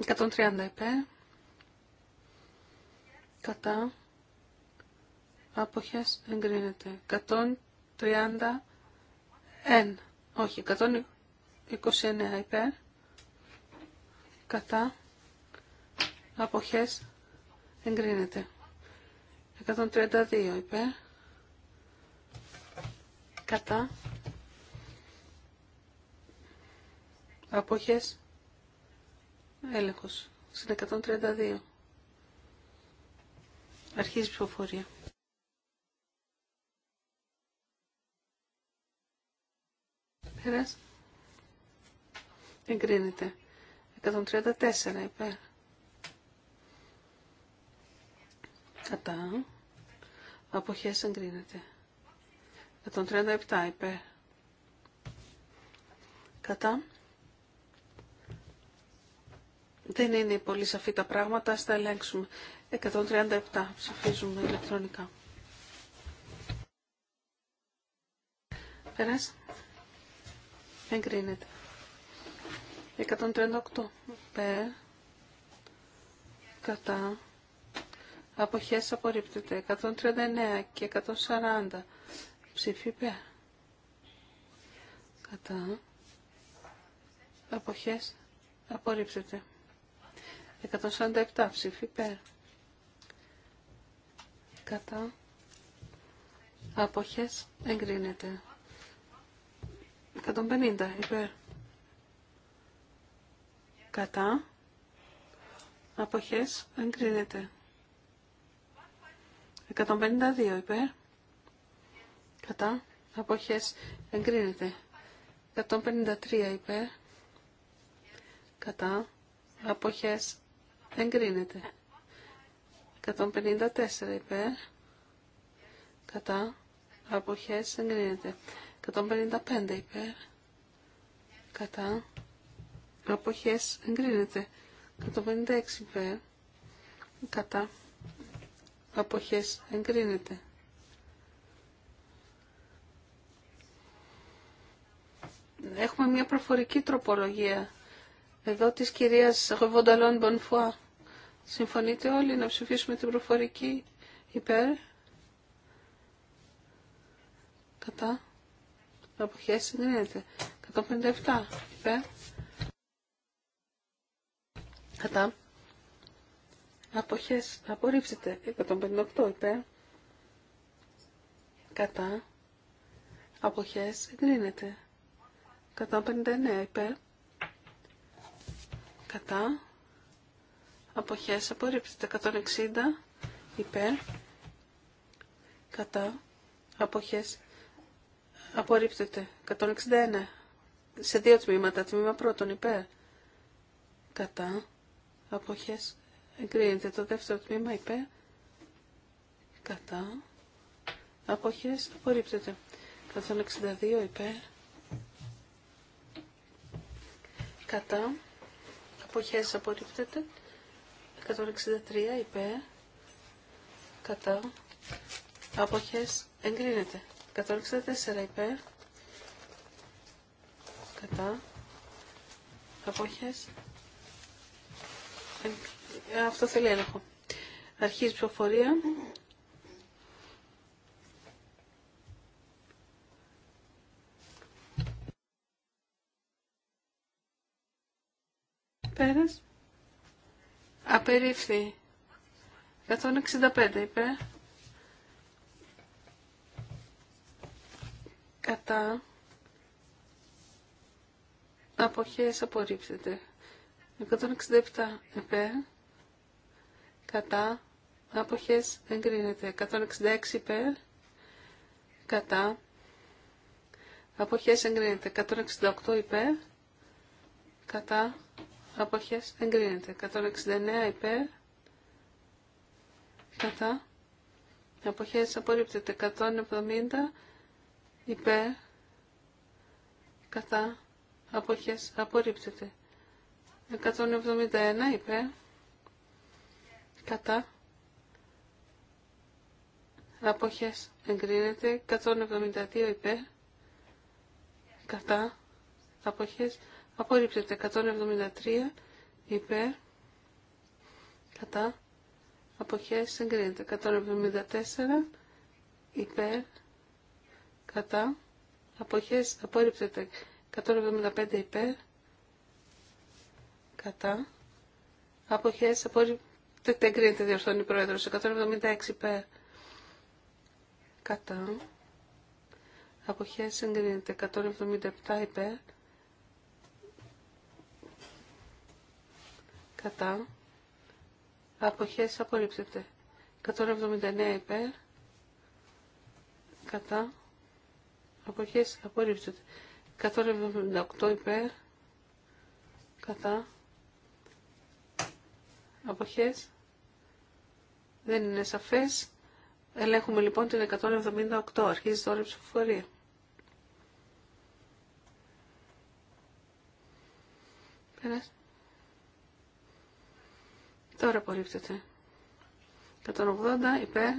Speaker 1: 130 υπέρ. Κατά. Άποχες εγκρίνεται. 131. Όχι, 129 υπέρ. Κατά. Αποχές εγκρίνεται. 132 υπέρ. Κατά. Αποχές. Έλεγχος. Στην 132. Αρχίζει η ψηφοφορία. Πέρας. Εγκρίνεται. 134 υπέρ. Κατά. Αποχές εγκρίνεται. 137 υπέρ. Κατά. Δεν είναι πολύ σαφή τα πράγματα, ας τα ελέγξουμε. 137 ψηφίζουμε ηλεκτρονικά. Πέρας. Δεν κρίνεται. 138 Πε. Κατά. Αποχές απορρίπτεται. 139 και 140 ψήφι πε. Κατά. Αποχές απορρίπτεται. 147 ψήφι υπέρ. Κατά. Αποχές εγκρίνεται. 150 υπέρ. Κατά. Αποχές εγκρίνεται. 152 υπέρ. Κατά. Αποχές εγκρίνεται. 153 υπέρ. Κατά. Αποχές εγκρίνεται. 154 υπέρ, κατά, αποχές εγκρίνεται. 155 υπέρ, κατά, αποχές εγκρίνεται. 156 υπέρ, κατά, αποχές εγκρίνεται. Έχουμε μια προφορική τροπολογία εδώ της κυρίας Βονταλόν Μπονφουά. Συμφωνείτε όλοι να ψηφίσουμε την προφορική υπέρ. Κατά. Αποχές συγκρίνεται. 157 υπέρ. Κατά. Αποχές απορρίψετε. 158 υπέρ. Κατά. Αποχές εγκρίνεται. 159 υπέρ. Κατά αποχές απορρίπτεται 160 υπέρ κατά αποχές απορρίπτεται 161 σε δύο τμήματα τμήμα πρώτον υπέρ κατά αποχές εγκρίνεται το δεύτερο τμήμα υπέρ κατά αποχές απορρίπτεται 162 υπέρ κατά αποχές απορρίπτεται 163 υπέρ κατά αποχές εγκρίνεται 164 υπέρ κατά αποχές ε, αυτό θέλει έλεγχο αρχίζει η ψηφοφορία πέρας Απερίφθη. 165 υπέρ. Κατά. Αποχές απορρίπτεται. 167 υπέρ. Κατά. Αποχές εγκρίνεται. 166 υπέρ. Κατά. Αποχές εγκρίνεται. 168 υπέρ. Κατά αποχές εγκρίνεται. 169 υπέρ, κατά, αποχές απορρίπτεται. 170 υπέρ, κατά, αποχές απορρίπτεται. 171 υπέρ, κατά, αποχές εγκρίνεται. 172 υπέρ, κατά, αποχές Απορρίπτεται 173 υπέρ κατά αποχές συγκρίνεται 174 υπέρ κατά αποχές απορρίπτεται 175 υπέρ κατά αποχέ απορρίπτεται εγκρίνεται διορθώνει η πρόεδρος 176 υπέρ κατά αποχές συγκρίνεται 177 υπέρ κατά, αποχές απορρίψεται. 179 υπέρ, κατά, αποχές απορρίψεται. 178 υπέρ, κατά, αποχές, δεν είναι σαφές. Ελέγχουμε λοιπόν την 178, αρχίζει τώρα η ψηφοφορία. Τώρα απορρίπτεται. 180 υπέρ.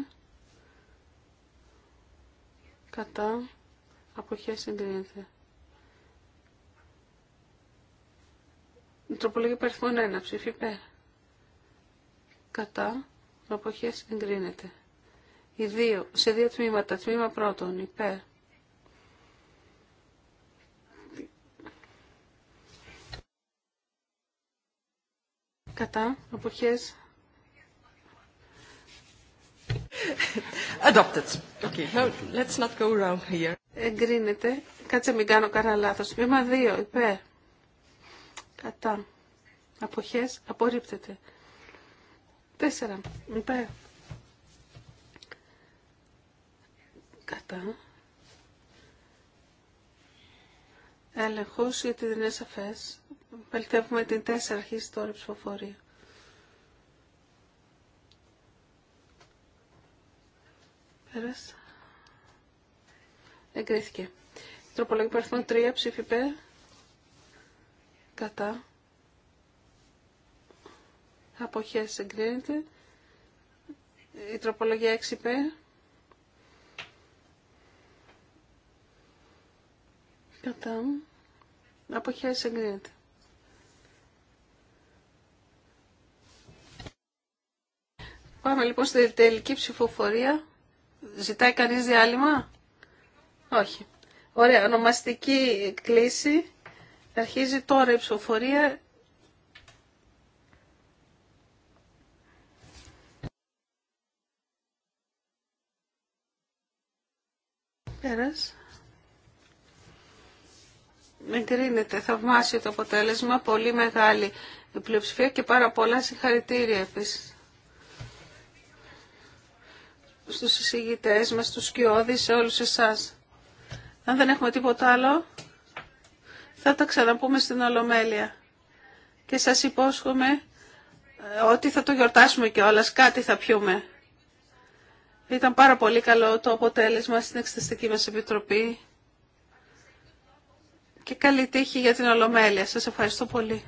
Speaker 1: Κατά. Αποχές εγκρίνεται. Τροπολογία είναι 1. Ψήφι υπέρ. Κατά. αποχέ εγκρίνεται. Οι δύο, σε δύο τμήματα. Τμήμα πρώτον υπέρ. κατά, αποχές. Adopted. Okay. No, let's not go wrong here. Εγκρίνεται. Κάτσε μην κάνω κανένα λάθος. Βήμα 2. Υπέρ. Κατά. Αποχές. Απορρίπτεται. 4. Υπέρ. Κατά. έλεγχο, γιατί δεν είναι σαφέ. Παλτεύουμε την 4 αρχή τώρα ψηφοφορία. Πέρασε. Εγκρίθηκε. Τροπολογία παρθμών 3 ψήφι υπέρ. Κατά. Αποχέ εγκρίνεται. Η τροπολογία 6 υπέρ. Κατά χέρι εγκρίνεται. Πάμε λοιπόν στη τελική ψηφοφορία. Ζητάει κανείς διάλειμμα? Όχι. Ωραία, ονομαστική κλίση. Αρχίζει τώρα η ψηφοφορία. Πέρας κρίνεται, θαυμάσιο το αποτέλεσμα, πολύ μεγάλη πλειοψηφία και πάρα πολλά συγχαρητήρια επίσης στους εισηγητές μας, στους σκιώδεις, σε όλους εσάς. Αν δεν έχουμε τίποτα άλλο, θα τα ξαναπούμε στην Ολομέλεια. Και σας υπόσχομαι ε, ότι θα το γιορτάσουμε κιόλα, κάτι θα πιούμε. Ήταν πάρα πολύ καλό το αποτέλεσμα στην Εξεταστική μας Επιτροπή και καλή τύχη για την Ολομέλεια. Σας ευχαριστώ πολύ.